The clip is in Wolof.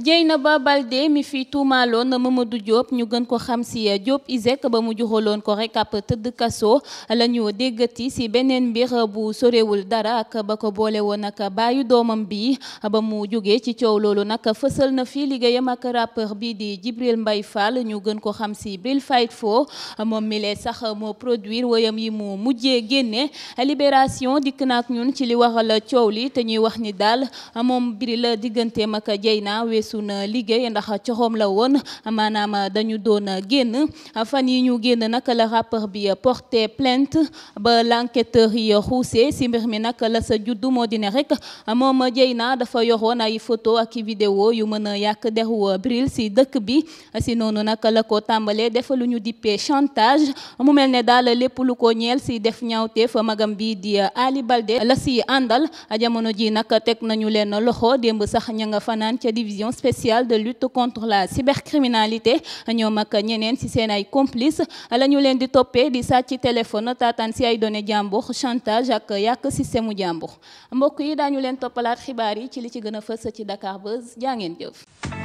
Dieynaba Baldé mi fi tuumaaloon Mamadou Diop ñu gën ko xam si Diop ISEC ba mu joxaloon ko rek ab tëdd kaso la ñu déggati si beneen mbir bu sorewul dara ak ba ko boole woon ak baayu doomam bi ba mu jógee ci coow loolu nag fësal na fi liggéeyam ak rappeur bi di Djibril mbay Fall ñu gën ko xam si Bril Fight foo moom mi lee sax moo produire woyam yi moo mujjee génne Libération dikk na ak ñun ci li waral coow li te ñuy wax ni daal moom Bril digganteem ak Dieyna wees sunu liggéey ndax coxoom la woon maanaam dañu doon génn fan yi ñu génn nag la rappeur bi porté plainte ba l'enquêteur yi xuusee si mbir mi nag la sa juddu moo di ne a moom Dieyna dafa yoroon ay photo ak vidéo yu mën a yàq deru Bril si dëkk bi si noonu nag la ko tàmbalee def lu ñu dippee chantage mu mel ne daal lépp lu ko ñeel si def ñaawteef magam bi di Ali Balde la si àndal jamono ji nag teg nañu leen loxo démb sax ña nga fanaan ca spéciale de lutte contre la cybercriminalité ñoom ak ñeneen ci seen ay complices la ñu leen di toppee di sàcc téléphone taataan ci ay données jàmbur chantage ak yàq système u jàmbur mbokk yi daañu leen toppalaat xibaar yi ci li ci gën a fës ci Dakar Buzz jaa ngeen jëf